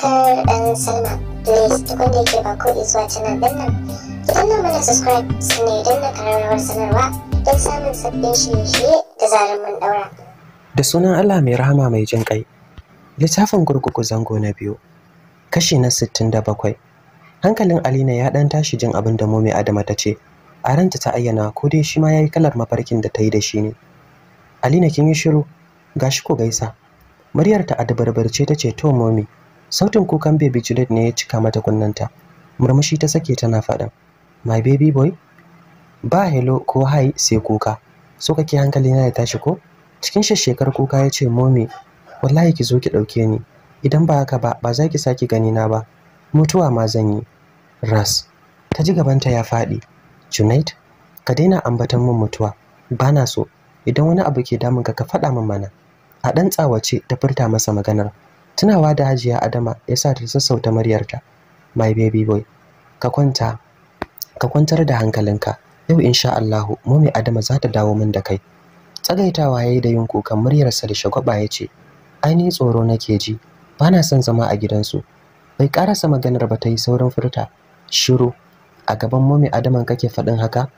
subscribe and sign up. da subscribe sanarwa don samun sabbin da sunan Allah mai rahama mai jin kai. Littafin gurguku zango na biyu. Kashi na sittin da bakwai. Hankalin Alina ya dan tashi jin abin da Momi Adama ta ce. A ranta ta ayyana ko dai shi ma ya yi kalar mafarkin da ta yi da shi ne. Alina kin yi shiru gashi ko gaisa. Muryarta a dabarbarce ta ce to Momi sautin kukan baby juliet ne ya cika mata kunnanta murmushi ta sake tana faɗin my baby boy ba hello ko hi sai kuka so kake hankali na ya tashi ko cikin shekar kuka ya ce momi wallahi ki zo ki ɗauke ni idan ba haka ba ba za ki sake gani na ba mutuwa ma zan yi ras ta ji gabanta ya faɗi junaid ka daina ambatan mun mutuwa Bana so idan wani abu ke damun ka ka faɗa min mana a ɗan tsawace ta furta masa maganar tunawa da hajiya adama ya sa ta sassauta muryarta my baby boy ka kwanta ka kwantar da hankalinka yau insha Allahu mami adama za ta dawo min da kai tsagaitawa ya yi da yin kukan muryarsa da shagwaba ya ce ai ni tsoro nake ji ba na son zama a gidansu bai karasa maganar ba ta yi saurin furta shiru a gaban mami adaman kake faɗin haka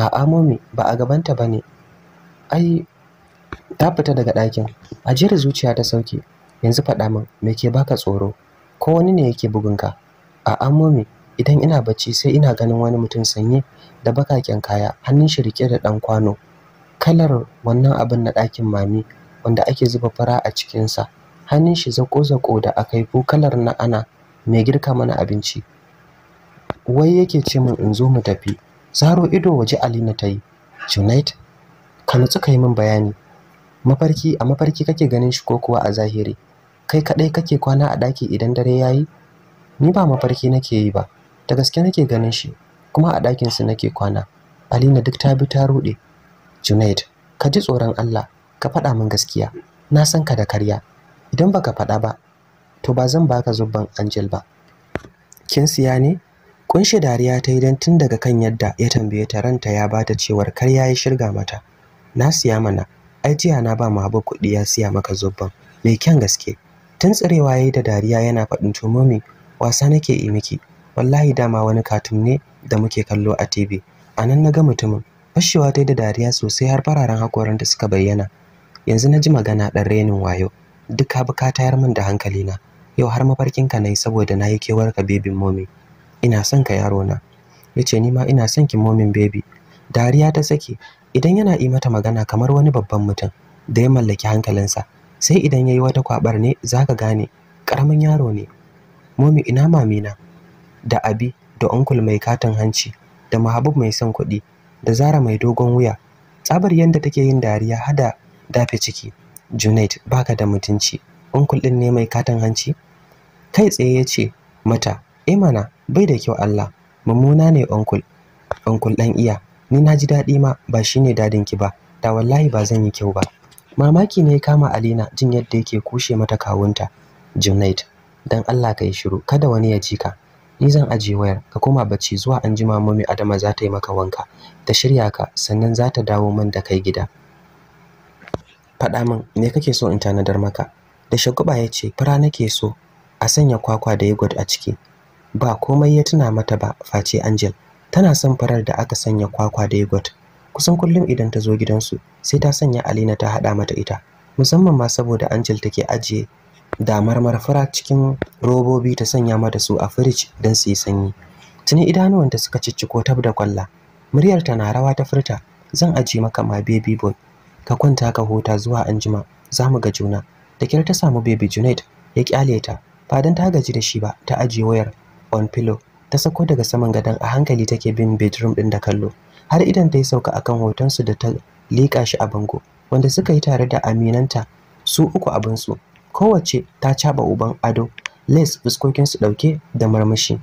a'a mami ba a gabanta ba ne ai ta fita daga ɗakin ajiyar zuciya ta sauke yanzu faɗa min me ke baka tsoro ko wani ne yake bugunka a'a momi idan ina bacci sai ina ganin wani mutum sanye da bakaken kaya hannun shi rike da ɗan kwano kalar wannan abin na ɗakin mami wanda ake zuba fara a cikinsa hannun shi zako-zako da aka ko kalar na ana mai girka mana abinci wai yake ce min in zo mu tafi zaro ido waje alina ta yi junait ka nutsu yi min bayani mafarki a mafarki kake ganin shi ko kuwa a zahiri kai kaɗai kake kwana a ɗaki idan dare ya yi ni ba mafarki nake yi ba ta gaske nake ganin shi kuma a su nake kwana alina duk ta bi ta rude. junaid ka ji tsoron allah ka faɗa min gaskiya na san ka da karya idan baka faɗa ba to ba zan baka zubban angel ba kin siya ne shi dariya ta idan tun daga kan yadda ya tambaye ta ranta ya bata cewar karya ya shirga mata na siya mana ai jiya na ba mu haba kuɗi ya siya maka zubban mai kyan gaske tun tsirewa yi da dariya yana faɗin to wasa nake yi miki wallahi dama wani katun ne da muke kallo a TV a nan na ga mutumin fashewa ta yi da dariya sosai har fararen da suka bayyana yanzu na ji magana ɗan renin wayo duk ka bi tayar min da hankalina yau har mafarkin ka na yi saboda na yi kewar ka bebin momi ina son ka yaro na ya ce ni ma ina son ki momin bebi dariya ta sake idan yana yi mata magana kamar wani babban mutum da ya mallaki hankalinsa sai idan yayi wata kwabar ne zaka gane karamin yaro ne momi ina mamina da abi da unkul mai katon hanci da mahabub mai son kuɗi da zara mai dogon wuya tsabar yanda take yin dariya hada dafe ciki junaid baka da mutunci Unkul din ne mai katon hanci kai tsaye ya ce mata e mana bai da kyau allah mummuna ne uncle uncle dan iya ni na ji daɗi ma ba shine ki ba da wallahi ba zan yi kyau ba mamaki ne ya kama alina jin yadda yake kushe mata kawunta junaid dan allah ka yi shiru kada wani ya ji ka ni zan ajiye wayar ka koma bacci zuwa an ji mami adama za ta yi maka wanka ta shirya ka sannan za ta dawo man da kai gida faɗa min me kake so in tanadar maka da shaguba ya ce fara nake so a sanya kwakwa da yogurt a ciki ba komai ya tuna mata ba face angel tana son farar da aka sanya kwakwa da yogurt kusan kullum idan ta zo gidansu sai ta sanya Alina ta haɗa mata ita musamman ma saboda Angel take ajiye da marmara fura cikin robobi ta sanya mata su a firij don su yi sanyi tuni idanuwanta suka cicciko tab da kwalla muryar ta na rawa ta furta zan aje maka ma baby boy ka kwanta ka huta zuwa anjima za mu ga juna da kyar ta samu baby Junaid ya kyale ta ba don ta gaji da shi ba ta ajiye wayar on pillow ta sako daga saman gadon a hankali take bin bedroom din da kallo har idan ta yi sauka akan hotonsu da ta liƙa shi a bango wanda suka yi tare da aminanta su uku abinsu kowace ta caba uban ado les fuskokinsu ɗauke da marmashi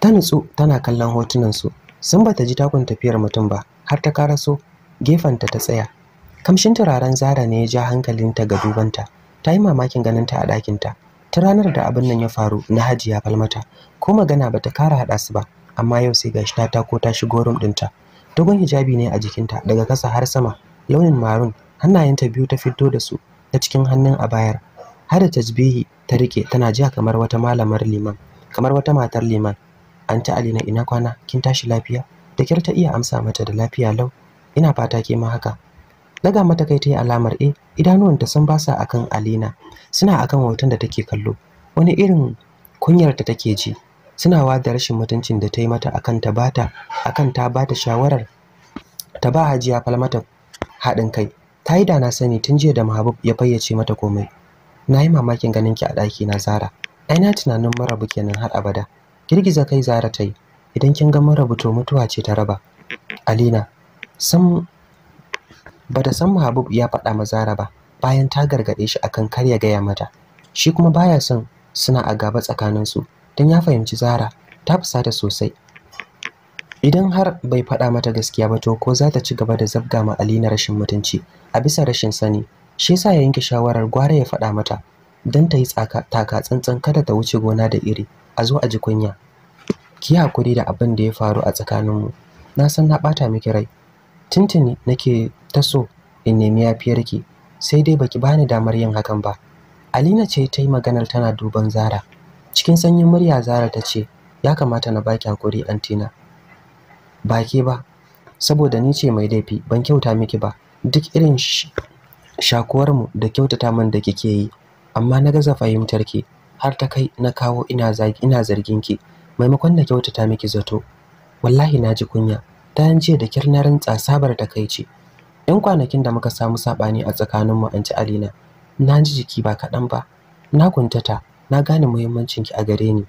ta nutsu tana kallon hotunansu sun bata ji takun tafiyar mutum ba har ta karaso gefenta ta tsaya kamshin turaren zara ne ya ja hankalinta ga dubanta ta yi mamakin ganinta a ɗakinta ta ranar da abin nan ya faru na hajiya falmata ko magana bata kara haɗa su ba amma yau sai gashi ta tako ta shigo room ɗinta dogon hijabi ne a jikinta daga kasa har sama launin marun, hannayenta biyu ta fito da su ta cikin hannun a bayar har da tasbihi ta rike tana jiya kamar wata malamar liman kamar wata matar liman anti alina ina kwana kin tashi lafiya da kyar ta iya amsa mata da lafiya lau ina fata ke ma haka daga mata kai ta yi alamar e idanuwanta sun basa akan alina suna akan hoton da take kallo wani irin kunyar ta take ji tunawa da rashin mutuncin da ta yi mata akan ta bata akan ta bata shawarar ta ba Hajiya Falmata haɗin kai ta yi da na sani tun jiya da Mahabub ya fayyace mata komai na yi mamakin ganin ki a ɗaki na Zara ai na tunanin marabu kenan har abada girgiza kai Zara ta yi idan kin ga marabu to mutuwa ce ta raba Alina sam ba da san Mahabub ya faɗa ma Zara ba bayan ta gargaɗe shi akan kar ya gaya mata shi kuma baya son suna a gaba tsakaninsu don ya fahimci Zara ta fusata sosai. Idan har bai faɗa mata gaskiya ba to ko za ta ci gaba da zabga ma Ali na rashin mutunci a bisa rashin sani shi yasa ya yanke shawarar gwara ya faɗa mata don ta yi taka tsantsan kada ta wuce gona da iri a zo a ji kunya. Ki hakuri da abin da ya faru a tsakaninmu na san na ɓata miki rai tintini nake ta so in nemi ki sai dai baki bani damar yin hakan ba. Alina ce ta yi maganar tana duban Zara. Cikin sanyin murya Zara ta ce, "Ya kamata na baki hakuri antina." Ba ke ba, saboda ni ce mai laifi, ban kyauta miki ba. Duk irin shakuwar mu da kyautata min da kike yi, amma na gaza fahimtar ki har ta kai na kawo ina ina zargin ki. Maimakon na kyautata miki zato, wallahi naji kunya. Ta jiya da kyar rantsa sabar ta takaici. Yan kwanakin da muka samu sabani a tsakanin mu anti Alina, na ji jiki ba kaɗan ba. Na kuntata na gane muhimmancin ki a gare ni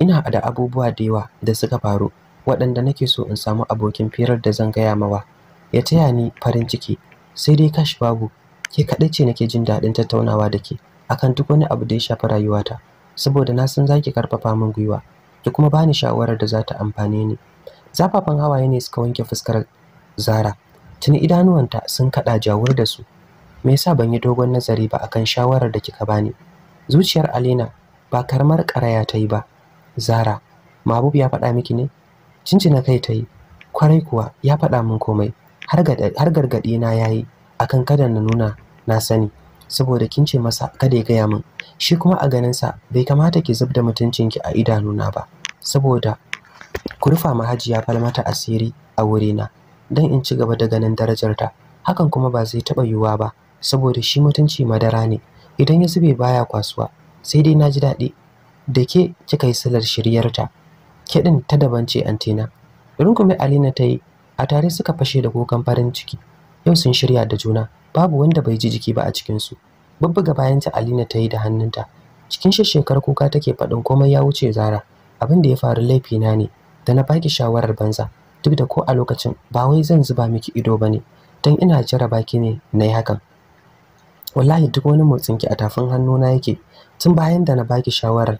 ina da abubuwa da yawa da suka faru waɗanda nake so in samu abokin firar da zan gaya mawa ya taya ni farin ciki sai dai kashi babu ke kaɗai ce nake jin daɗin tattaunawa da ke akan duk wani abu da ya shafi rayuwata saboda na san zaki karfafa min gwiwa ki kuma bani shawarar da za ta amfane ni zafafan hawaye ne suka wanke fuskar zara tuni idanuwanta sun kaɗa jawur da su me yasa ban yi dogon nazari ba akan shawarar da kika bani zuciyar alina ba karamar karaya ta yi ba zara mabub ya faɗa miki ne cincina kai ta yi kwarai kuwa ya faɗa min komai har gargaɗi na ya yi akan kada na nuna na sani saboda kin ce masa kada ya gaya min shi kuma a ganinsa bai kamata ki zub da mutuncinki a idanuna ba saboda ku rufa mahajiya falmata asiri a wurina don in ci gaba da ganin darajarta hakan kuma ba zai taɓa yiwuwa ba saboda shi mutunci madara ne idan ya zube baya kwasuwa sai dai na ji daɗi da ke kika yi salar shiryarta kiɗin ta daban ce antina rungume alina ta yi a tare suka fashe da kukan farin ciki yau sun shirya da juna babu wanda bai ji jiki ba a cikinsu bubbuga bayanta alina ta yi da hannunta cikin shekar kuka take faɗin komai ya wuce zara abin da ya faru laifina ne da na baki shawarar banza duk da ko a lokacin ba wai zan zuba miki ido ba ne don ina jaraba ki ne na yi hakan wallahi duk wani motsin ki a tafin hannuna yake tun bayan da na baki shawarar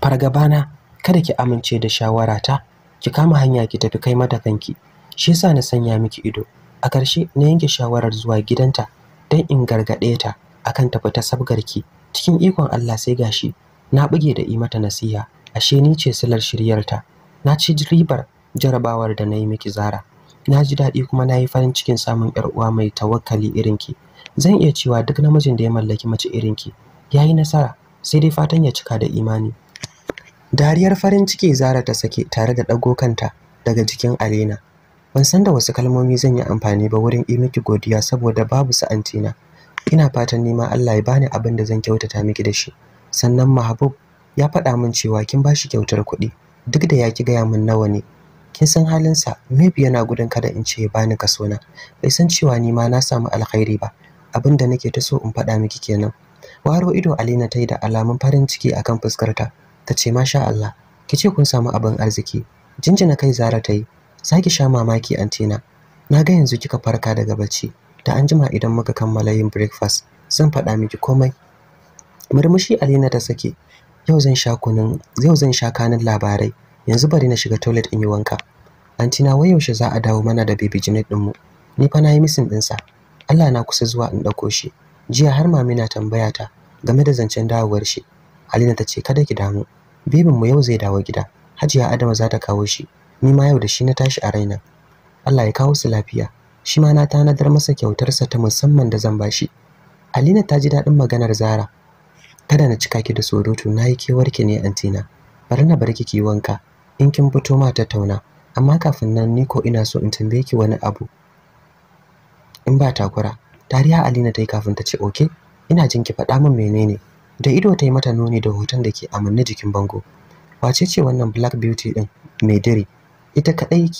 fargabana kada ki amince da shawara ta. ki kama hanya ki tafi kai mata kanki shi yasa na sanya miki ido a ƙarshe na yanke shawarar zuwa gidanta don in gargaɗe ta akan tafi ta ki. cikin ikon Allah sai gashi na buge da yi mata nasiha ashe ni ce silar shiryarta na ci ribar jarabawar da na yi miki zara na ji daɗi kuma na yi farin cikin samun 'yar uwa mai tawakkali irin ki zan iya cewa duk namijin da ya mallaki mace irin ki yi nasara sai dai fatan ya cika da imani dariyar farin ciki zara ta sake tare da ɗago kanta daga jikin alena ban san da wasu kalmomi zan yi amfani ba wurin yi miki godiya saboda babu sa'antina ina fatan nima Allah ya bani abin da zan kyautata miki da shi sannan mahabub ya faɗa min cewa kin ba shi kyautar kuɗi duk da ya ki gaya min nawa ne kin san halinsa maybe yana gudun kada in ce ya bani kaso na bai san cewa ni ma na samu alkhairi ba abin da nake ta so in faɗa miki kenan waro ido alina ta yi da alamun farin ciki akan fuskarta ta ce masha Allah ki ce kun samu abin arziki jinjina kai zara ta yi za sha mamaki antina na ga yanzu kika farka daga bacci da an jima idan muka kammala yin breakfast zan faɗa miki komai murmushi alina ta sake yau zan sha kunun yau zan sha kanin labarai yanzu bari na shiga toilet in yi wanka antina wai yaushe za a dawo mana da baby jinet ɗinmu ni fa na yi misin ɗinsa Allah na kusa zuwa in ɗauko shi jiya har mami na tambaya ta game da zancen dawowar shi Halina ta ce kada ki damu bibin mu yau zai dawo gida Hajiya Adama za ta kawo shi ni ma yau da shi na tashi a raina Allah ya kawo su lafiya shi ma na tanadar masa kyautarsa ta musamman da zan bashi Alina ta ji daɗin maganar Zara kada na cika ki da surutu nayi kewar kewarki ne antina bari na bar ki ki wanka in kin fito ma tattauna amma kafin nan ni ko ina so in tambaye ki wani abu in ba takura tariya alina ta yi kafin ta ce oke ina jin ki faɗa min menene da ido ta yi mata nuni da hoton da ke amanni jikin bango wace ce wannan black beauty din mai dare ita kadai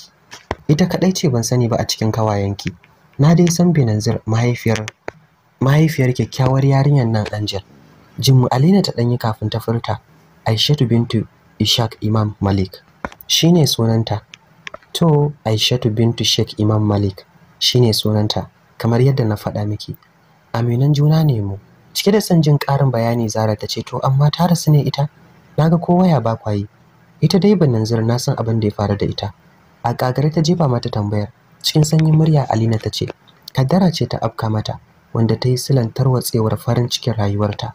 ita kadai ce ban sani ba a cikin kawayenki na dai san binanzir mahaifiyar mahaifiyar kyakkyawar yarinyar nan angel jimmu alina ta danyi kafin ta furta aishatu bintu ishaq imam malik shine sunanta to aishatu bintu sheikh imam malik shine sunanta kamar yadda na faɗa miki aminan juna ne mu cike da son jin ƙarin bayani zara ta ce to amma ta rasu ne ita naga ko waya ba kwayi ita dai nan zira na san abin da ya faru da ita a kagare ta jefa mata tambayar cikin sanyin murya alina ta ce kaddara ce ta afka mata wanda ta yi silan tarwatsewar farin cikin rayuwarta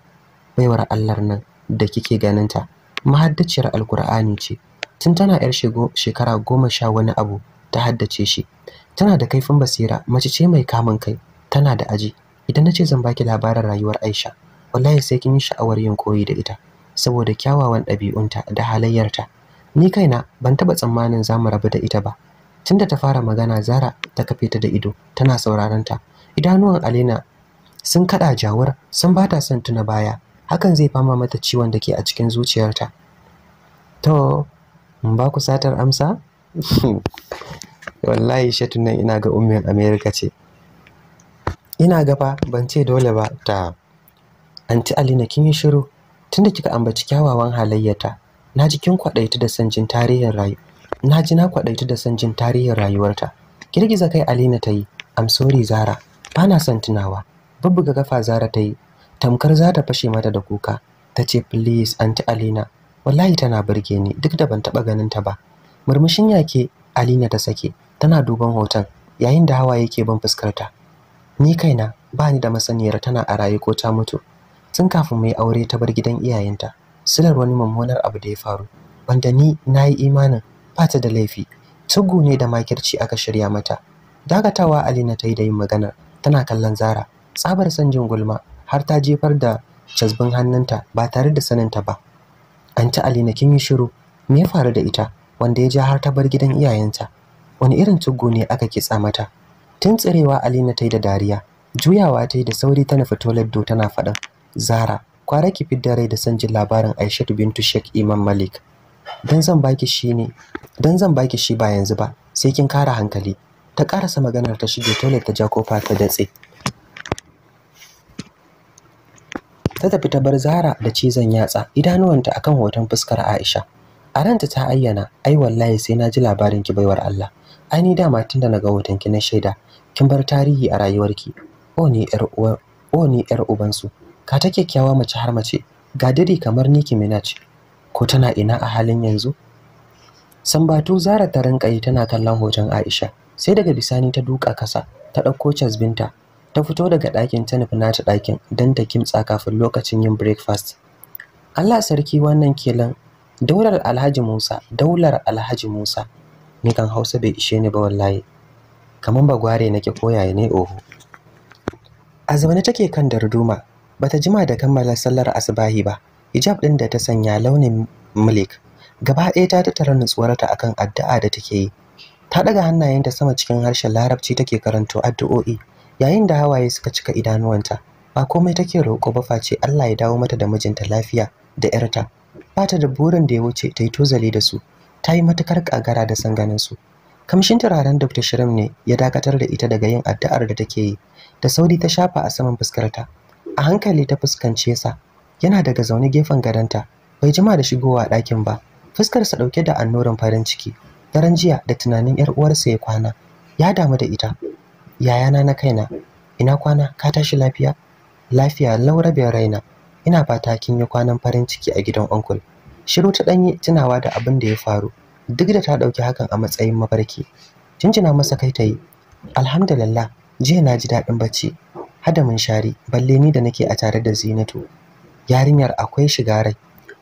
baiwar allar nan da kike ganinta mahaddaciyar alkur'ani ce tun tana yar shekara goma sha wani abu ta haddace shi tana da kaifin basira mace ce mai kamun kai tana da aji idan na ce zan baki labarin rayuwar Aisha wallahi sai kin yi sha'awar yin koyi da ita saboda kyawawan ɗabi'unta da halayyarta ni kaina ban taɓa tsammanin za mu rabu da ita ba tunda ta fara magana Zara ta kafe ta da ido tana sauraron ta idanuwan alina sun kaɗa jawar sun bata ta son tuna baya hakan zai fama mata ciwon da ke a cikin zuciyarta to in ba ku satar amsa wallahi shatun nan ina ga ummin america ce ina ga fa ban ce dole ba ta anti alina kin yi shiru tunda kika ambaci kyawawan halayyata na ji kin kwadaita da sanjin tarihin rayu na ji na kwadaita da sanjin tarihin rayuwarta girgiza kai alina ta yi am sorry zara ba na son tunawa bubbuga kafa zara ta tamkar za ta fashe mata da kuka ta ce please anti alina wallahi tana burge ni duk da ban taba ganin ta ba murmushin yake alina ta sake tana duban hoton yayin da hawaye ke bin fuskarta ni kaina ba ni da masaniyar tana a raye ko ta mutu tun kafin mai aure ta bar gidan iyayenta silar wani mummunar abu da ya faru wanda ni na yi imanin ba ta da laifi tugu ne da makirci aka shirya mata dakatawa alina ta yi da yin magana tana kallon zara tsabar san jin gulma har ta jefar da cazbin hannunta ba tare da saninta ba anti alina kin yi shiru me ya faru da ita wanda ya ja har ta bar gidan iyayenta wani irin tuggo ne aka kitsa mata tun tsirewa alina ta yi da dariya juyawa ta yi da sauri tana fito laddo tana faɗin zara kwara ki fidda rai da son jin labarin aishatu bintu sheikh imam malik dan zan baki shi ba yanzu ba sai kin kara hankali ta karasa maganar ta shige toilet ta ja kofa ta datse ta tafi ta bar Zara da cizon yatsa idanuwanta akan hoton fuskar Aisha. A ranta ta ayyana, ai wallahi sai na ji labarin kibaiwar Allah. ai ni dama tun da naga hotonki ki na shaida kin bar tarihi a rayuwarki o ni yar uwa o ni yar ubansu ka ta kyakkyawa mace har mace ga dare kamar niki Minaj ko tana ina a halin yanzu Sambatu Zara ta rinka yi tana kallon hoton Aisha sai daga bisani ta duka kasa ta ɗauko casbinta ta fito daga ɗakin ta nufi nata ɗakin don ta kimtsa kafin lokacin yin breakfast Allah sarki wannan kelan daular Alhaji Musa daular Alhaji Musa ni kan hausa bai ishe ni ba wallahi kamar ba gware nake koyaye ne oho azumani take kan darduma bata jima da kammala sallar asbahi ba hijab din da ta sanya launin milik gaba ɗaya ta tattara nutsuwarta akan addu'a da take yi ta daga hannayenta sama cikin harshen larabci take karanto addu'o'i yayin da hawaye suka cika idanuwanta ba komai take roƙo ba face Allah ya dawo mata da mijinta lafiya da 'yarta bata da burin da ya wuce ta yi tozali da su ta yi matukar kagara da san ganin kamshin turaren dr shirim ne ya dakatar da ita daga yin addu'ar da take yi da sauri ta shafa a saman fuskarta a hankali ta fuskance sa yana daga zaune gefen gadonta bai jima da shigowa ɗakin ba fuskarsa ɗauke da annoran farin ciki daren jiya da tunanin yar uwarsa ya kwana ya damu da ita yayana na kaina ina kwana ka tashi lafiya lafiya laura bai raina ina fata kin yi kwanan farin ciki a gidan onkul Shiru ta ɗanyi tunawa da abin da ya faru, duk da ta ɗauki hakan a matsayin mafarki. Jinjina masa kai ta yi, Alhamdulillah, jiya na ji daɗin bacci, hada mun shari, balle ni da nake a tare da Zinatu. Yarinyar akwai shiga rai.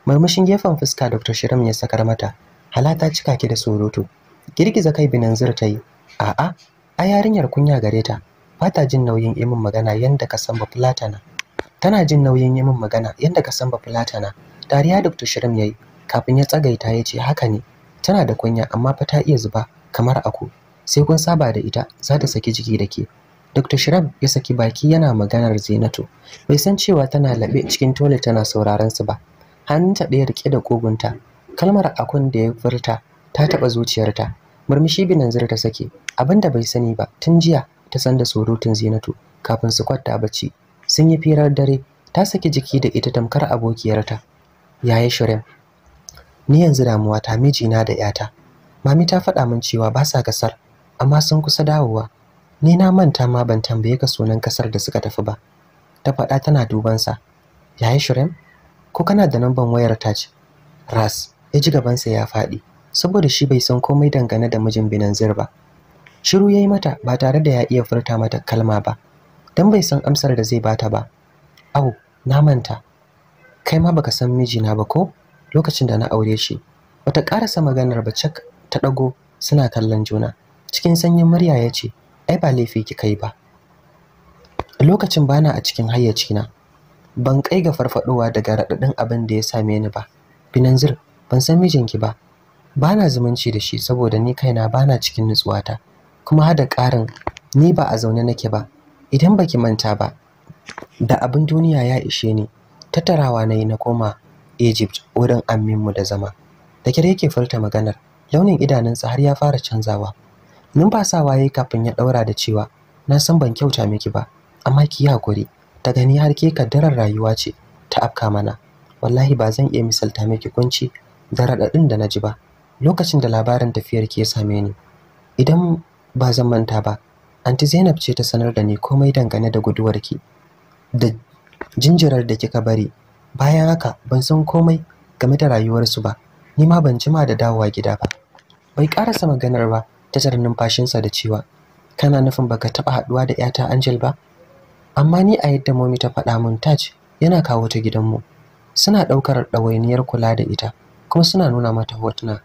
Murmushin gefen fuska Dr. Shiram ya sakar mata, halata cika ki da soroto Girgiza kai binanzir ta yi, a'a, a yarinyar kunya gare ta, ba jin nauyin imin magana yanda ka san ba Tana jin nauyin yi magana yanda ka san ba na. dariya dr shirim ya yi kafin ya tsagaita ya ce haka ne tana da kunya amma fa ta iya zuba kamar ako sai kun saba da ita za ta saki jiki da ke dr shiram ya saki baki yana maganar zinatu bai san cewa tana laɓe cikin tole tana sauraron su ba Hannun ta ɗaya rike da kogunta kalmar akun da ya furta ta taɓa zuciyarta murmushi binanzir ta sake abinda bai sani ba tun jiya ta san da surutun zinatu kafin su kwatta bacci sun yi firar dare ta saki jiki da ita tamkar abokiyarta yayin shirin ni yanzu damuwa ta mijina da yata mami ta faɗa min cewa ba sa kasar amma sun kusa dawowa ni na manta ma ban tambaye ka sunan kasar da suka tafi ba ta faɗa tana duban sa yayi shirin ko kana da namban wayar ta ce ras ya ji gabansa ya faɗi saboda shi bai san komai dangane da mijin zir ba shiru yayi mata ba tare da ya iya furta mata kalma ba dan bai san amsar da zai bata ba au na manta kai ma baka san mijina ba ko lokacin da na aure shi wata karasa maganar ba cak ta dago suna kallon juna cikin sanyin murya ya ce ai ba laifi ki kai ba lokacin bana a cikin hayyacina ban kai ga farfadowa daga raɗaɗin abin da ya same ni ba binanzir ban san mijinki ba bana zumunci da shi saboda ni kaina bana cikin nutsuwata kuma hada karin ni ba a zaune nake ba idan baki manta ba da abin duniya ya ishe ni tattarawa na yi na koma egypt wurin amminmu da zama da kira yake furta maganar launin idanunsa har ya fara canzawa numfasawa ya yi kafin ya ɗaura da cewa na san ban kyauta miki ba amma ki yi hakuri ta gani har ke kaddarar rayuwa ce ta afka mana wallahi ba zan iya misalta miki kunci da raɗaɗin da na ji ba lokacin da labarin tafiyar ki ya same ni idan ba zan manta ba anti zainab ce ta sanar da ni komai dangane da guduwarki da jinjirar da kika bari bayan haka ban san komai game da rayuwarsu ba ni ma ban jima da dawowa gida ba bai karasa maganar ba ta jar numfashinsa da cewa kana nufin baka taba haduwa da yata Angel ba amma ni a yadda momi ta faɗa mun Taj yana kawo ta gidan mu. suna ɗaukar ɗawainiyar kula da ita kuma suna nuna mata hotuna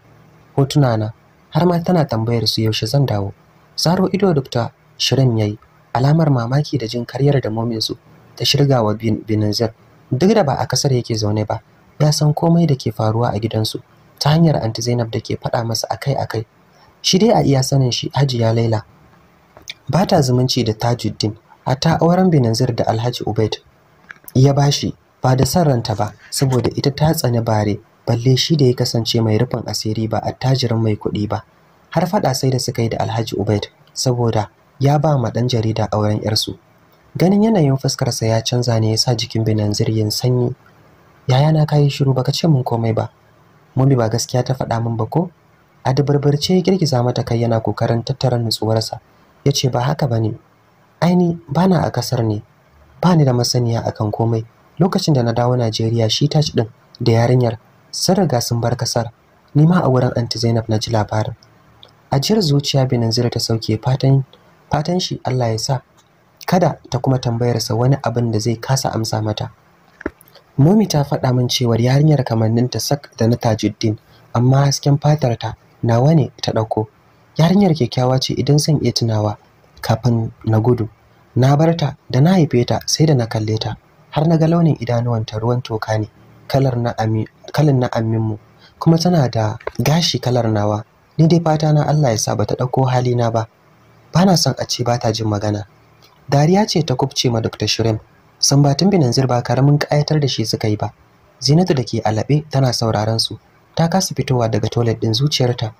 hotuna na har ma tana tambayar su yaushe zan dawo zaro ido dukta shirin yayi alamar mamaki da jin karyar da momin su ta shirga wa Binanzir duk da ba a kasar yake zaune ba ya san komai da ke faruwa a gidansu ta hanyar anti Zainab da ke faɗa masa akai-akai shi dai a iya sanin shi Hajiya Laila ba ta zumunci da Tajuddin ta auren Binanzir da Alhaji Ubaid ya bashi ba da san ranta ba saboda ita ta tsani bare balle shi da ya kasance mai rufin asiri ba attajirin mai kuɗi ba har faɗa sai da suka yi da Alhaji Ubaid saboda ya ba ma ɗan jarida auren 'yarsu. ganin yanayin fuskarsa ya canza ne ya sa jikin binanzir yin sanyi yaya na kayi shiru baka ce mun komai ba Mobi ba gaskiya ta faɗa min ba ko a dabarbarce ya girgiza mata kai yana kokarin tattara nutsuwarsa ya ce ba haka ba ne aini bana a kasar ne ba ni da masaniya akan komai lokacin da na dawo najeriya shi ci din da yarinyar sun riga sun bar kasar ni ma a wurin anti zainab na ji labarin ajiyar zuciya binanzira ta sauke fatan fatan shi allah ya sa kada ta kuma tambayarsa wani abin da zai kasa amsa mata momi ta faɗa min cewa yarinyar kamanninta sak da na tajuddin amma hasken fatarta nawa ne ta ɗauko yarinyar kyakkyawa ce idan zan iya tunawa kafin na gudu na bar ta da na haife ta sai da na kalle ta har na ga launin idanuwanta ruwan toka ne kalar na ami kalin na kuma tana da gashi kalar nawa ni dai fata na Allah ya sa bata ɗauko halina ba bana son a ce bata jin magana dariya ce ta kubce ma dr shirem sambatin binanzir ba karamin kayatar da shi suka yi ba zinatu da ke alabe tana sauraron su ta kasa fitowa daga toilet din zuciyarta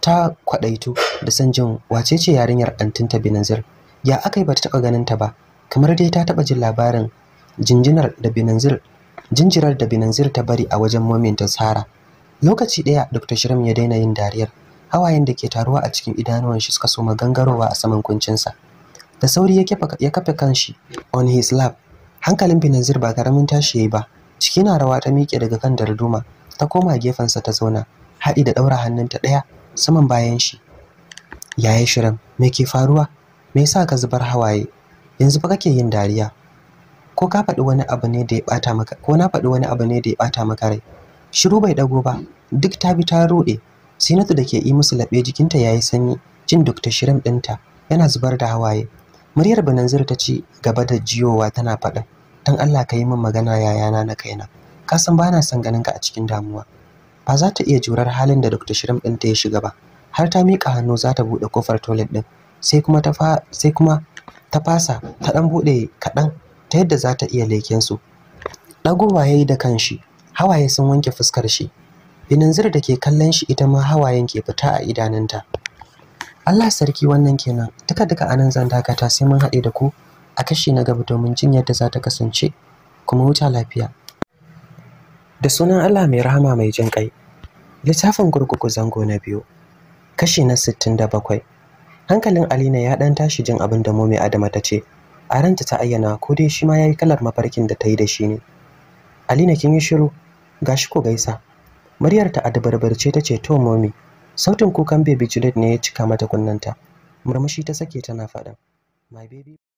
ta kwadaitu da san jin wacece yarinyar antinta binanzir ya aka yi ba ta taɓa ganin ta ba kamar dai ta taba jin labarin jinjinar da binanzir jinjirar da binanzir ta bari a wajen maminta sara lokaci ɗaya dr shirim ya daina yin dariyar hawayen da ke taruwa a cikin idanuwan shi suka soma gangarowa a saman kuncinsa da sauri ya kafa kanshi on his lap hankalin binazir ba karamin tashi yayi ba ciki na rawa ta miƙe daga kan darduma ta koma gefensa ta zauna haɗi da ɗaura hannunta ɗaya saman bayan shi yaya shirin me ke faruwa me yasa ka zubar hawaye yanzu fa kake yin dariya ko ka faɗi wani abu ne da ya ɓata maka ko na faɗi wani abu ne da ya ɓata maka rai shiru bai dago ba duk ta bi ta ruɗe sinatu da ke yi musu laɓe jikinta yayi sanyi jin duk ta shirin ɗinta yana zubar da hawaye muryar bananzir ta ce gaba da jiyowa tana faɗin don allah ka yi min magana yayana na kaina ka san ba na son ganin ka a cikin damuwa ba za ta iya jurar halin da dr shirim ɗin ta ya shiga ba har ta miƙa hannu za ta buɗe kofar toilet ɗin sai kuma ta fasa ta ɗan buɗe kaɗan ta yadda za ta iya leken su ɗagowa ya yi da kanshi hawaye sun wanke fuskar shi binanzir da ke kallon shi ita ma hawayen ke fita a idanunta Allah sarki wannan kenan duka duka anan zan dakata sai mun haɗe da ku a kashi na gaba domin jin yadda za ta kasance kuma huta lafiya da sunan Allah mai rahama mai jin kai littafin gurguku zango na biyu kashi na 67 hankalin Alina ya dan tashi jin abin da Momi Adama ta ce a ranta ta ayyana ko dai shi ma yayi kalar mafarkin da ta yi da shi ne Alina kin yi shiru gashi ko gaisa muryar ta a dabarbarce ta ce to Momi sautin kukan baby juliet ne ya cika mata kunnenta murmushi ta sake tana faɗin my baby